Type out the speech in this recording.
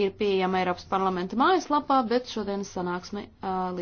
ir pieejama Eiropas parlamenta mājaslapā, bet šodienas sanāksme uh, līdz.